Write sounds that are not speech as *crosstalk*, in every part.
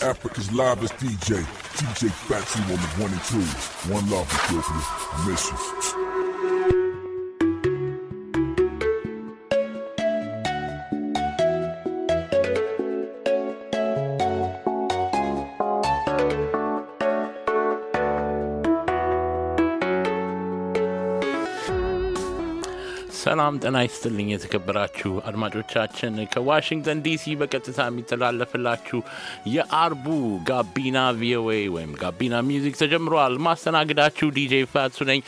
Africa's livest DJ, DJ Fatsy on the one and two. One love, you. I miss you. ጤና ይስጥልኝ የተከበራችሁ አድማጮቻችን፣ ከዋሽንግተን ዲሲ በቀጥታ የሚተላለፍላችሁ የአርቡ ጋቢና ቪኦኤ ወይም ጋቢና ሚውዚክ ተጀምሯል። ማስተናግዳችሁ ዲጄ ፋትሱ ነኝ።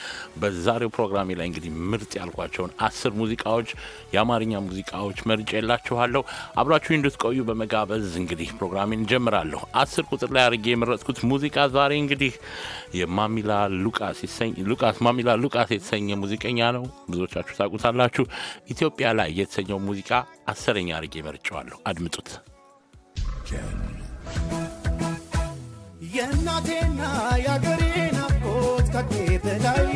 በዛሬው ፕሮግራሜ ላይ እንግዲህ ምርጥ ያልኳቸውን አስር ሙዚቃዎች የአማርኛ ሙዚቃዎች መርጬ የላችኋለሁ። አብራችሁ እንድትቆዩ በመጋበዝ እንግዲህ ፕሮግራሜን እንጀምራለሁ። አስር ቁጥር ላይ አድርጌ የመረጥኩት ሙዚቃ ዛሬ እንግዲህ የማሚላ ሉቃስ ሉቃስ ማሚላ ሉቃስ የተሰኘ ሙዚቀኛ ነው። ብዙዎቻችሁ ታቁታላችሁ ያደመጣችሁ ኢትዮጵያ ላይ የተሰኘው ሙዚቃ አስረኛ አድርጌ መርጨዋለሁ። አድምጡት። የእናቴና የአገሬ ናፍቆት ከአቅሜ በላይ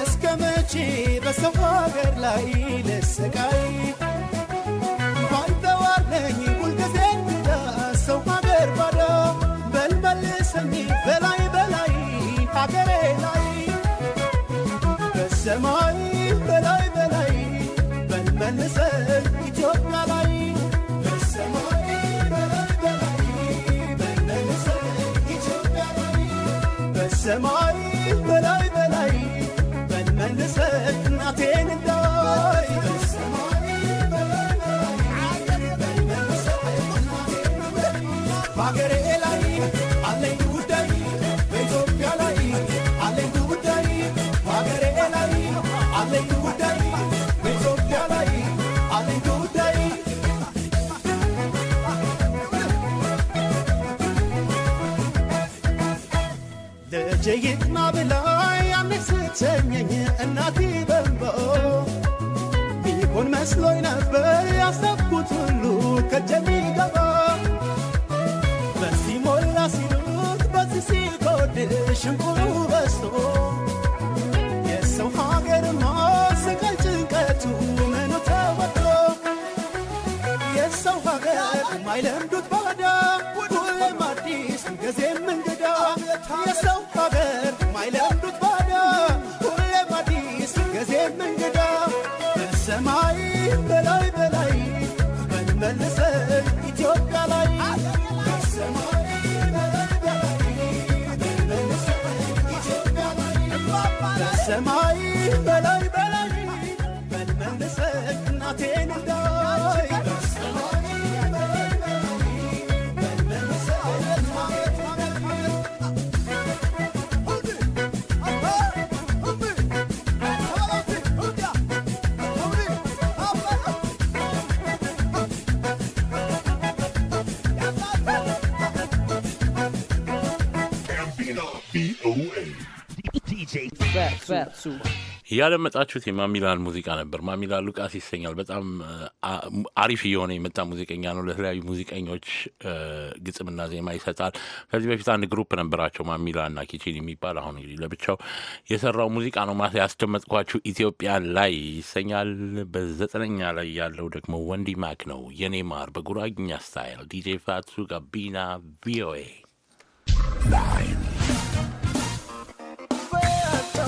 እስከ መቼ በሰው ሀገር ላይ ልሰቃይ? ባልተዋር ነኝ ሁልጊዜ እንግዳ ሰው ሀገር ባዳ። በል መልሰኝ በላይ በላይ ሀገሬ ላይ በሰማይ ቀንሰን ኢትዮጵያ ላይ በሰማይ በላይ በላይ በነንሰን ኢትዮጵያ ላይ በሰማይ ጀይጥና ብላ ያኔ ስትሸኘኝ እናቴ በንቦ ቢሆን መስሎኝ ነበር ያሰብኩት ሁሉ ከጀሚገባ በዚህ ሞላ ሲሉት በዚህ ሲጎድ ሽንቁሩ በስቶ የሰው ሀገር ስቃይ ጭንቀቱ ምኑ ተወጥቶ የሰው ሀገር ማይለምዱት ባዳ ሁሉም አዲስ ጊዜም እንግዳ የሰው ያደመጣችሁት የማሚላል ሙዚቃ ነበር። ማሚላል ሉቃስ ይሰኛል። በጣም አሪፍ እየሆነ የመጣ ሙዚቀኛ ነው። ለተለያዩ ሙዚቀኞች ግጥምና ዜማ ይሰጣል። ከዚህ በፊት አንድ ግሩፕ ነበራቸው ማሚላና ኪችን የሚባል አሁን እንግዲህ ለብቻው የሰራው ሙዚቃ ነው። ማታ ያስደመጥኳችሁ ኢትዮጵያ ላይ ይሰኛል። በዘጠነኛ ላይ ያለው ደግሞ ወንዲ ማክ ነው። የኔማር በጉራግኛ ስታይል ዲጄ ፋቱ ጋቢና ቪኦኤ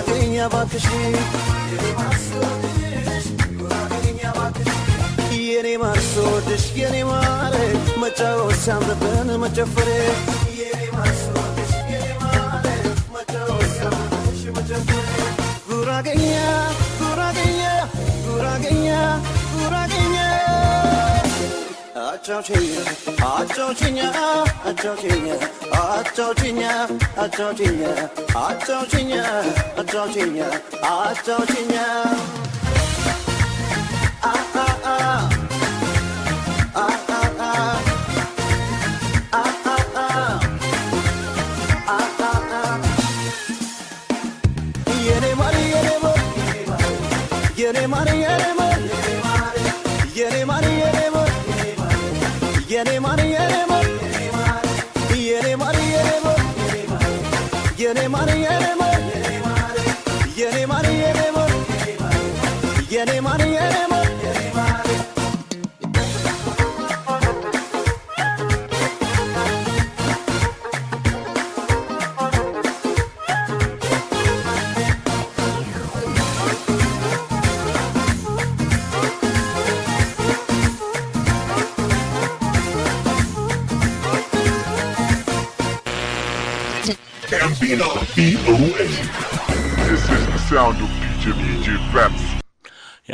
ኩራቴን ያባክሽ የኔ ማር የኔ መጫወት ሲያምርብን ጉራገኛ ጉራገኛ ጉራገኛ ጉራገኛ Argentina, Argentina, Argentina, Argentina, Argentina, Argentina, Argentina, Argentina. Ah ah ah. Ah ah ah. Yere mari yere mari yere mari yere mari any money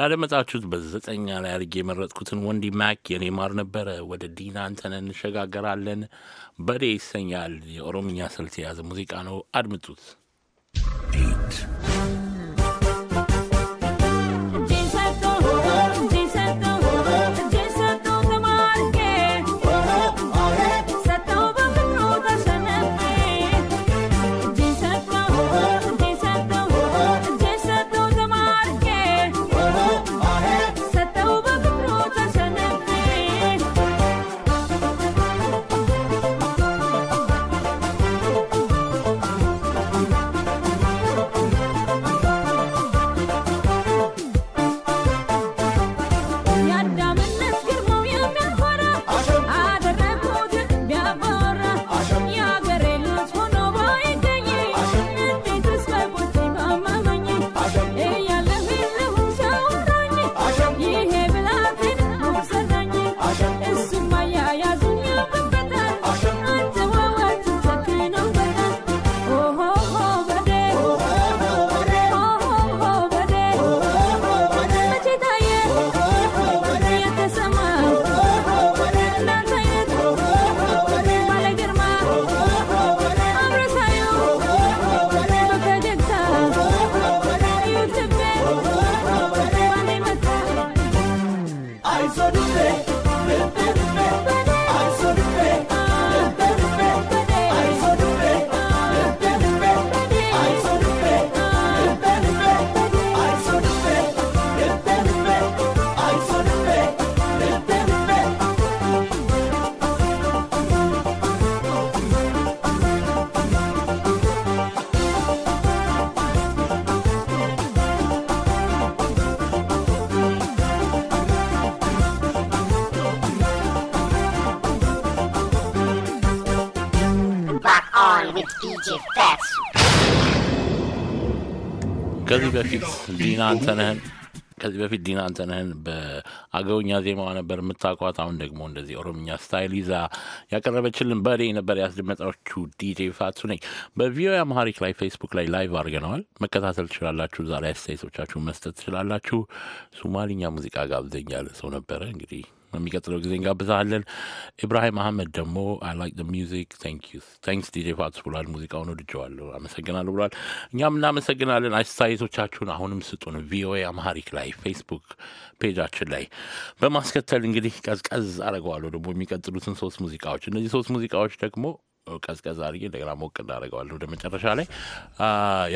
ያደመጣችሁት በዘጠኛ ላይ አድርጌ የመረጥኩትን ወንዲ ማክ የኔማር ነበረ። ወደ ዲና አንተነ እንሸጋገራለን። በዴ ይሰኛል። የኦሮምኛ ስልት የያዘ ሙዚቃ ነው። አድምጡት። ከዚህ በፊት ዲና አንተነህን ከዚህ በፊት ዲና አንተነህን በአገውኛ ዜማዋ ነበር የምታቋት። አሁን ደግሞ እንደዚህ ኦሮምኛ ስታይል ይዛ ያቀረበችልን በሬ ነበር ያስደመጣችሁ። ዲጄ ፋቱ ነኝ። በቪኦኤ አማሪክ ላይ ፌስቡክ ላይ ላይቭ አድርገነዋል፣ መከታተል ትችላላችሁ። እዛ ላይ አስተያየቶቻችሁ መስጠት ትችላላችሁ። ሱማሊኛ ሙዚቃ ጋብዘኛል ሰው ነበረ እንግዲህ የሚቀጥለው ጊዜ እንጋብዛለን። ኢብራሂም አህመድ ደግሞ አይ ላይክ ዘ ሚውዚክ ዩ ታንክስ ዲጄ ፋትስ ብሏል። ሙዚቃውን ወድጀዋለሁ አመሰግናለሁ ብሏል። እኛም እናመሰግናለን። አስተያየቶቻችሁን አሁንም ስጡን። ቪኦኤ አማሪክ ላይ ፌስቡክ ፔጃችን ላይ በማስከተል እንግዲህ ቀዝቀዝ አደርገዋለሁ ደግሞ የሚቀጥሉትን ሶስት ሙዚቃዎች እነዚህ ሶስት ሙዚቃዎች ደግሞ ቀዝቀዝ አድርጌ እንደገና ሞቅ እናደርገዋለሁ ወደ መጨረሻ ላይ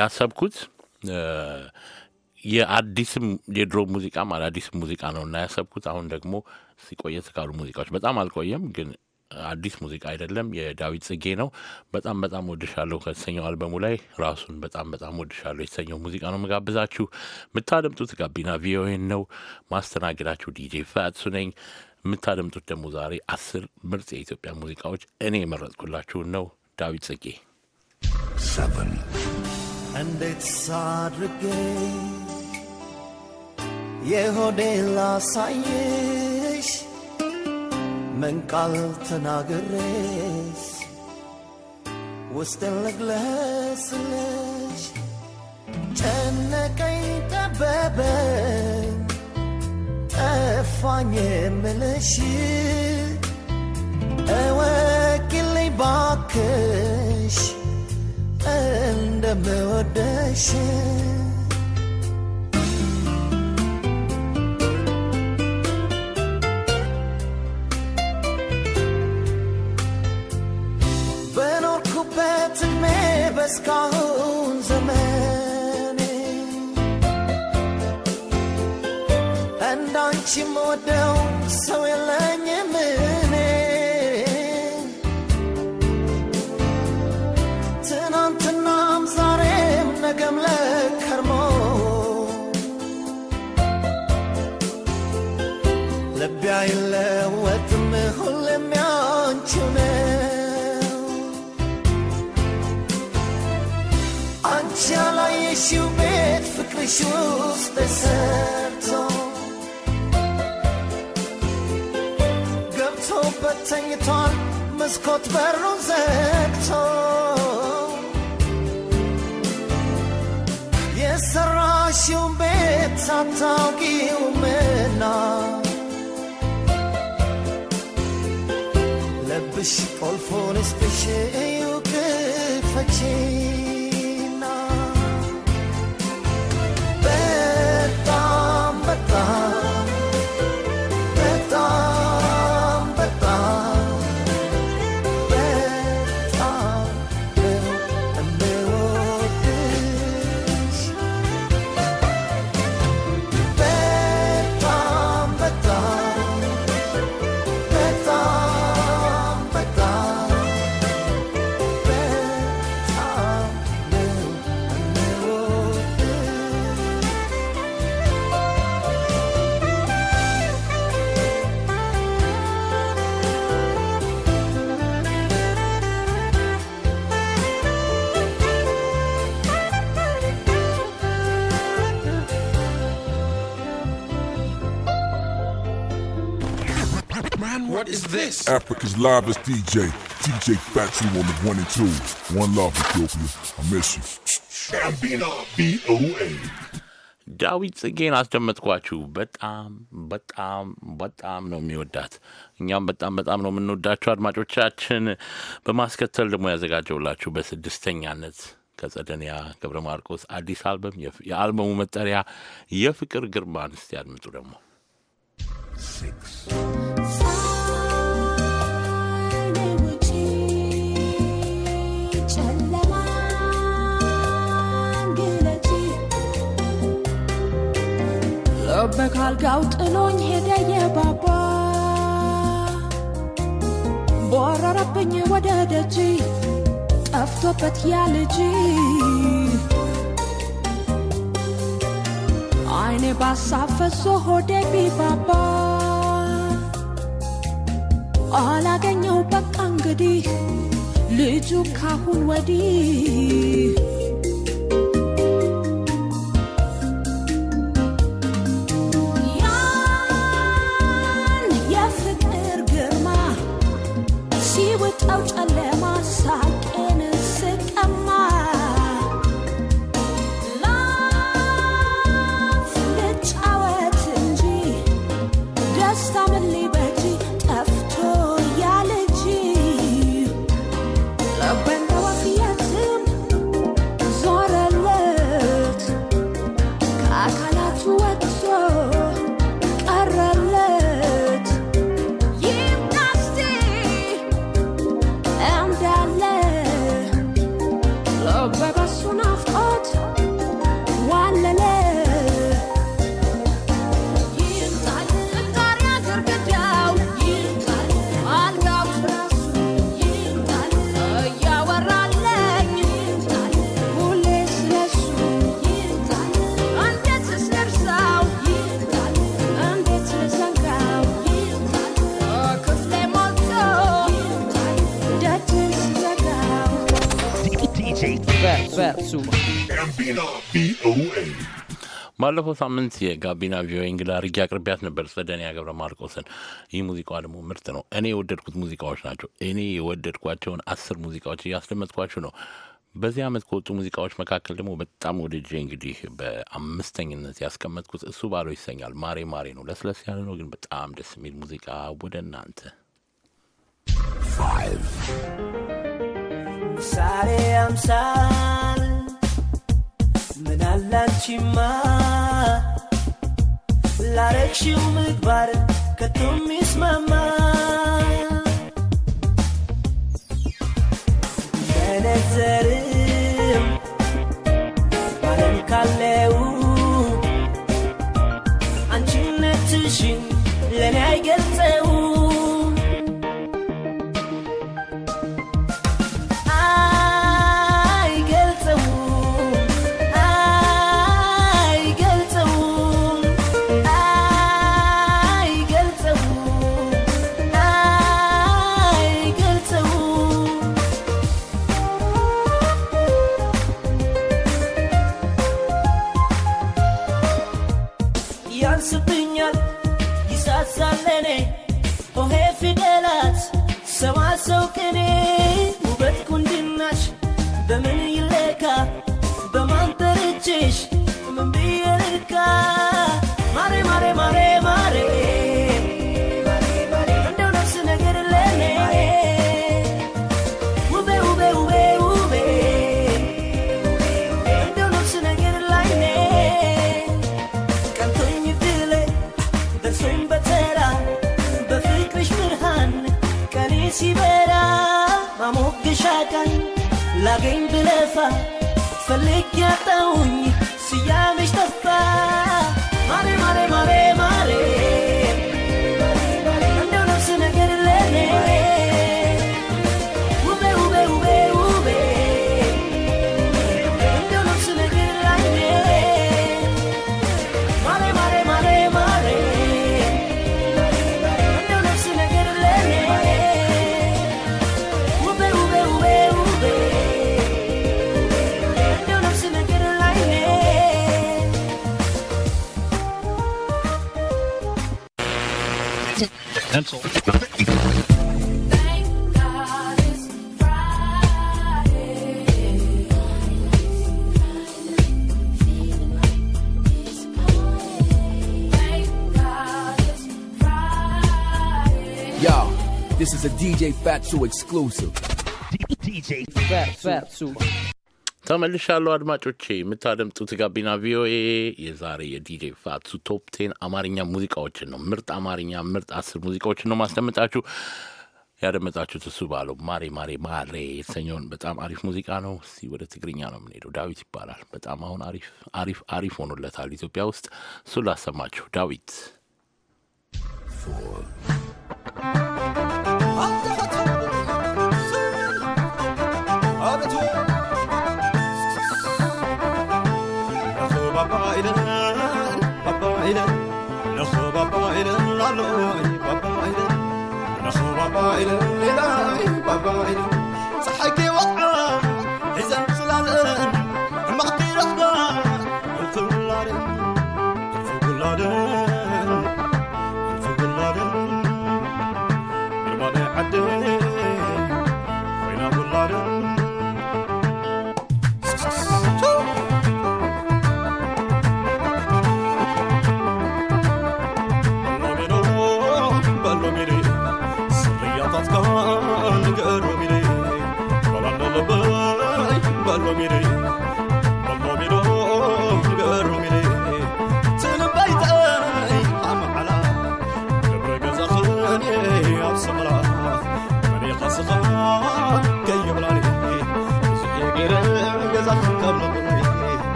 ያሰብኩት የአዲስም የድሮ ሙዚቃም አዲስ ሙዚቃ ነው እና ያሰብኩት አሁን ደግሞ ሲቆየት ካሉ ሙዚቃዎች በጣም አልቆየም ግን አዲስ ሙዚቃ አይደለም፣ የዳዊት ጽጌ ነው። በጣም በጣም ወድሻለሁ ከተሰኘው አልበሙ ላይ ራሱን በጣም በጣም ወድሻለሁ የተሰኘው ሙዚቃ ነው ምጋብዛችሁ የምታደምጡት ጋቢና ቪኦኤን ነው። ማስተናግዳችሁ ዲጄ ፋያትሱ ነኝ። የምታደምጡት ደግሞ ዛሬ አስር ምርጥ የኢትዮጵያ ሙዚቃዎች እኔ የመረጥኩላችሁን ነው። ዳዊት ጽጌ እንዴት ሳድርጌ የሆዴላ ሳየሽ ምን ቃል ተናግሬስ ውስጥን ልግለስልሽ ጨነቀኝ ጠበበ ጠፋኝ ምልሽ እወቂልኝ ባክሽ እንደምወደሽ And don't you more down so you learn jesús deserto ገብቶበት ተኝቷል መስኮት በሩን ዘግቶ የሰራሽውን ቤት ሳታውቂውምና ልብሽ ቆልፎ ልስጥሽ እዩ ክፈቺ is this? Africa's liveest DJ, DJ Fatu on the one and two. One love, Ethiopia. I miss you. Gambino, B-O-A. ዳዊት ጽጌን አስደመጥኳችሁ። በጣም በጣም በጣም ነው የሚወዳት። እኛም በጣም በጣም ነው የምንወዳቸው አድማጮቻችን። በማስከተል ደግሞ ያዘጋጀውላችሁ በስድስተኛነት ከጸደንያ ገብረ ማርቆስ አዲስ አልበም የአልበሙ መጠሪያ የፍቅር ግርማን እስቲ አድምጡ ደግሞ በካልጋው ጥሎኝ ሄደ የባባ ቦረረብኝ ወደ ደጅ ጠፍቶበት ልጅ አይኔ ባሳፈሶ ሆዴ ቢባባ አላገኘው በቃ እንግዲህ ልጁ ካሁን ወዲህ When ባለፈው ሳምንት የጋቢና ቪኦኤ እንግዳ ርጌ አቅርቢያት ነበር ጸደኒያ ገብረ ማርቆስን። ይህ ሙዚቃዋ ደግሞ ምርጥ ነው። እኔ የወደድኩት ሙዚቃዎች ናቸው። እኔ የወደድኳቸውን አስር ሙዚቃዎች እያስደመጥኳችሁ ነው። በዚህ ዓመት ከወጡ ሙዚቃዎች መካከል ደግሞ በጣም ወድጄ እንግዲህ በአምስተኝነት ያስቀመጥኩት እሱ ባለው ይሰኛል። ማሬ ማሬ ነው፣ ለስለስ ያለ ነው፣ ግን በጣም ደስ የሚል ሙዚቃ ወደ እናንተ ሳሬ አምሳ ምን አላንቺማ ላረግሽው ምግባር ከቶ ሚስማማ መነዘርን ሻቃኝ ላገኝ ብለፋ ፈልግ ያጣውኝ ስያምሽ ጠፋ ማሬ ማሬ ማሬ Yo, this is a DJ Fatsu exclusive. DJ Fatsu. ተመልሻለሁ አድማጮቼ። የምታደምጡት ጋቢና ቪኦኤ የዛሬ የዲጄ ፋቱ ቶፕ ቴን አማርኛ ሙዚቃዎችን ነው። ምርጥ አማርኛ ምርጥ አስር ሙዚቃዎችን ነው ማስደመጣችሁ። ያደመጣችሁት እሱ ባለው ማሬ ማሬ ማሬ የተሰኘውን በጣም አሪፍ ሙዚቃ ነው። እስኪ ወደ ትግርኛ ነው የምንሄደው። ዳዊት ይባላል። በጣም አሁን አሪፍ አሪፍ አሪፍ ሆኖለታል ኢትዮጵያ ውስጥ። እሱን ላሰማችሁ ዳዊት Volta!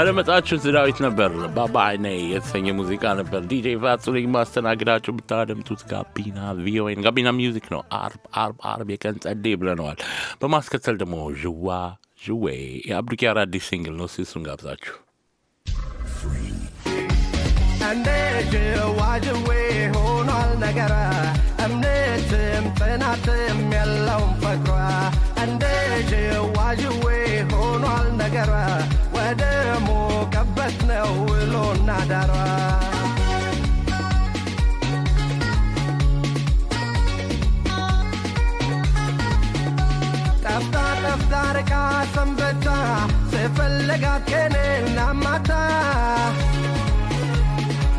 ያደመጣችሁት ዳዊት ነበር። ባባይነ የተሰኘ ሙዚቃ ነበር። ዲጄ ፋጹ ማስተናግዳችሁ ብታደምጡት ጋቢና ቪኦኤ ጋቢና ሚውዚክ ነው። አርብ አርብ አርብ የቀን ጸዴ ብለነዋል። በማስከተል ደግሞ ዥዋ ዥዌ የአብዱኪያር አዲስ ሲንግል ነው። ሲሱን ጋብዛችሁ እንደ ዥዌ ሆኗል ነገረ እምነትም ጥናትም የለውም ማታ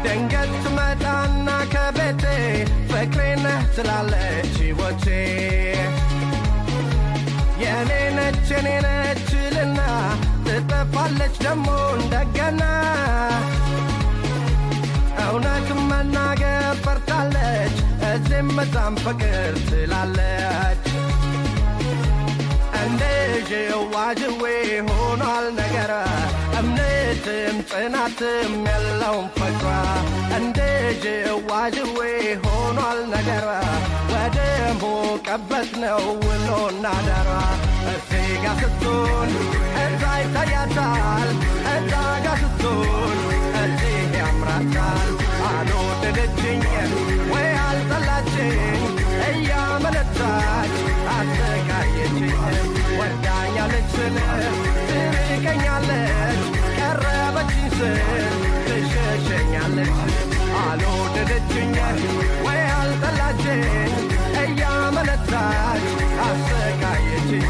ደንገት ትመጣና ከቤቴ ፍቅሬ ትላለች ሕይወቴ የእኔ ነች የኔ ነችልና ትጠፋለች ደግሞ እንደገና እውነት መናገር ፈርታለች እዚህ መጣም ፍቅር ትላለች ልጅው ዋጅዌ ሆኗል እምነትም ጽናትም የለውም ፈቅራ እንደ ልጅው ዋጅዌ ሆኗል ነው እዚህ ጋ ስትሆን እዛ ይታያታል እዛ ጋ ስትሆን እዚህ ያምራታል አልወደደችኝ ወይ አልጠላችኝ ወጋኛለች ስል ትርቀኛለች ቀረበችኝ ስል ትሸሸኛለች አልወደደችኝ ወይ አልጠላችኝ እያመነታች አሰቃየችኝ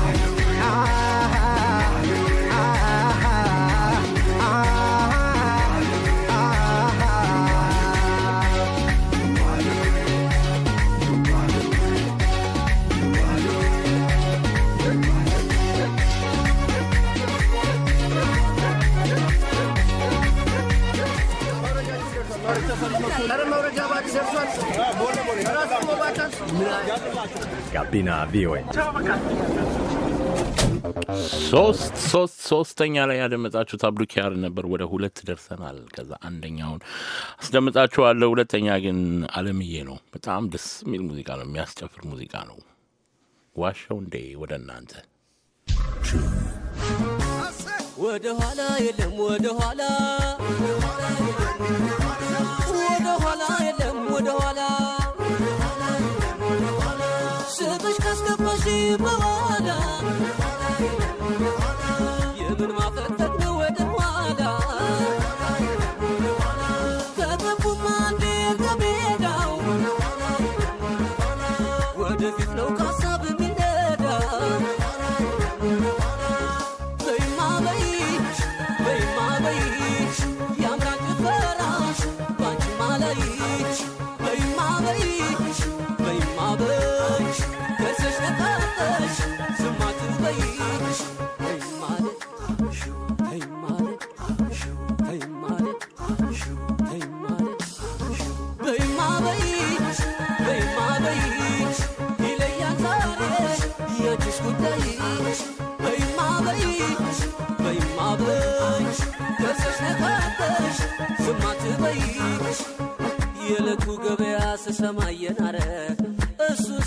ጋቢና ቪኦኤ ሶስት ሶስት ሶስተኛ ላይ ያደመጣችሁት አብዱ ኪያር ነበር። ወደ ሁለት ደርሰናል። ከዛ አንደኛውን አስደምጣችኋለሁ። ሁለተኛ ግን አለምዬ ነው። በጣም ደስ የሚል ሙዚቃ ነው። የሚያስጨፍር ሙዚቃ ነው። ዋሻው እንዴ ወደ እናንተ ወደ ኋላ የለም ወደ ኋላ ወደኋላ ስምሽ ካስገባሽ በኋላ የምን ማፈጠት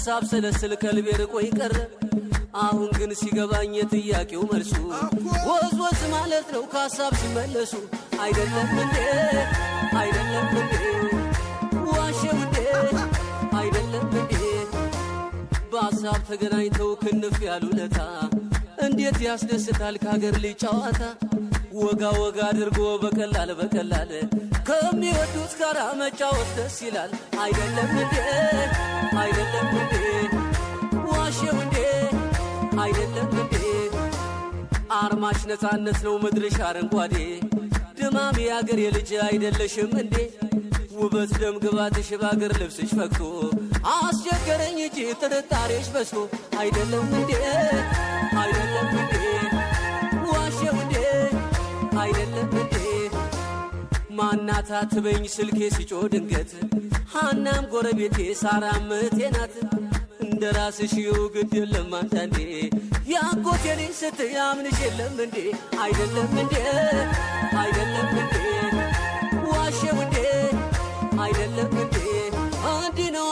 ሀሳብ ስለስል ከልቤ ርቆ ይቀረ አሁን ግን ሲገባኝ የጥያቄው መልሱ ወዝ ወዝ ማለት ነው ከሀሳብ ሲመለሱ አይደለም እንዴ አይደለም እንዴ ዋሸው እንዴ አይደለም እንዴ በሀሳብ ተገናኝተው ክንፍ ለታ እንዴት ያስደስታል ከሀገር ልጅ ጨዋታ ወጋ ወጋ አድርጎ በቀላል በቀላል ከሚወዱት ጋር መጫወት ደስ ይላል። አይደለም እንዴ አይደለም እንዴ ዋሼው እንዴ አይደለም እንዴ አርማሽ ነፃነት ነው ምድርሽ አረንጓዴ ድማም የአገር የልጅ አይደለሽም እንዴ ውበት ደም ግባትሽ በአገር ልብስሽ ፈግቶ አስቸገረኝ እጅ ጥርጣሬሽ በዝቶ አይደለም እንዴ አይደለም እንዴ አይደለም እንዴ ማናታ ትበኝ ስልኬ ሲጮ ድንገት ሃናም ጎረቤቴ ሳራም ናት። እንደ ራስሽ ግድ የለም አንዳንዴ ያጎቴ ልጅ ስትይ አምንሽ የለም እንዴ አይደለም እንዴ አይደለም እንዴ ዋሸው እንዴ አይደለም እንዴ እንዲህ ነው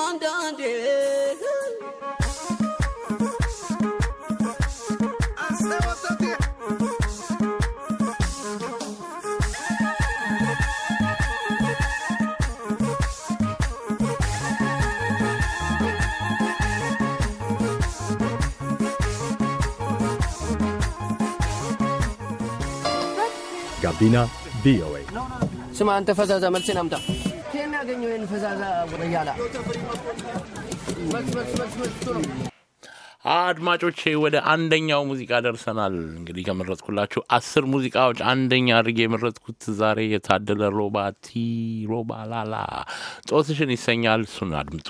ጋቢና ቪኦኤ። ስማ አንተ ፈዛዛ መልሴን አምጣ። የሚያገኘው ይህን ፈዛዛ ያላ አድማጮቼ ወደ አንደኛው ሙዚቃ ደርሰናል። እንግዲህ ከመረጥኩላችሁ አስር ሙዚቃዎች አንደኛ አድርጌ የመረጥኩት ዛሬ የታደለ ሮባቲ ሮባላላ ሮባ ጦትሽን ይሰኛል። እሱን አድምጡ።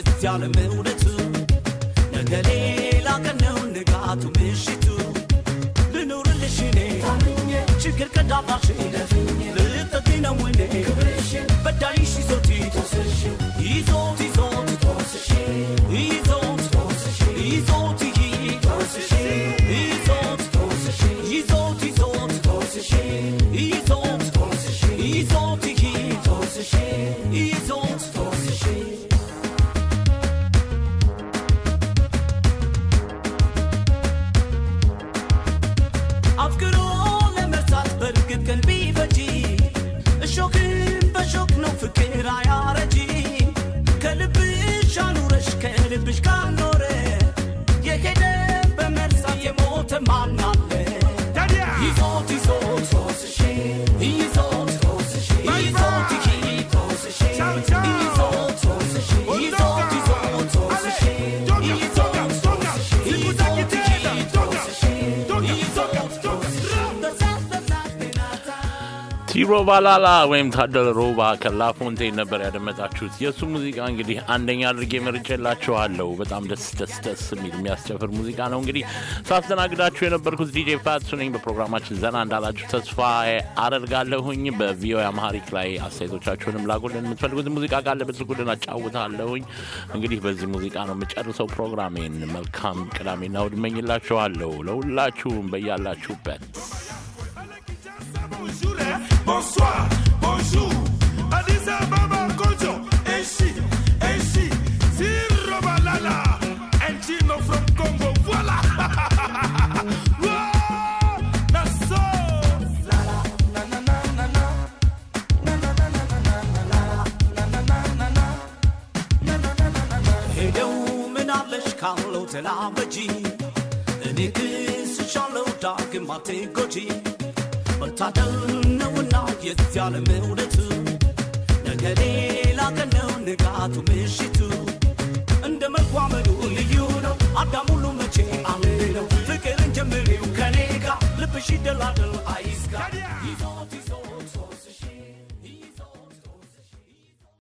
የትያለም እውነቱ ነገ ሌላ ቀን ነው ንጋቱ ምሽቱ ልኑርልሽ እኔ ችግር ቀዳፋሽ ሂሮባ ላላ ወይም ታደለ ሮባ ከላፎንቴን ነበር ያደመጣችሁት። የእሱ ሙዚቃ እንግዲህ አንደኛ አድርጌ መርጬላችኋለሁ። በጣም ደስ ደስ ደስ የሚል የሚያስጨፍር ሙዚቃ ነው። እንግዲህ ሳስተናግዳችሁ የነበርኩት ዲጄ ፋትሱ ነኝ። በፕሮግራማችን ዘና እንዳላችሁ ተስፋ አደርጋለሁኝ። በቪኦኤ አማሪክ ላይ አስተያየቶቻችሁንም ላጎልን የምትፈልጉት ሙዚቃ ካለ ብትልኩልን አጫውታለሁኝ። እንግዲህ በዚህ ሙዚቃ ነው የምጨርሰው ፕሮግራሜን። መልካም ቅዳሜና እሑድ እመኝላችኋለሁ ለሁላችሁም በያላችሁበት bonsoir, bonjour. si, si, Kojo, from Congo, voilà. *laughs* la መታተም ነውና የዚህ ዓለም እውነቱ ነገ ሌላ ቀን ነው ንጋቱ ምሽቱ እንደ መጓመዱ ልዩ ነው አዳም ሁሉ መቼ አሜ ነው ፍቅርን ጀምሪው ከኔ ጋር ልብሽ ደላደል አይዝጋ ይዞ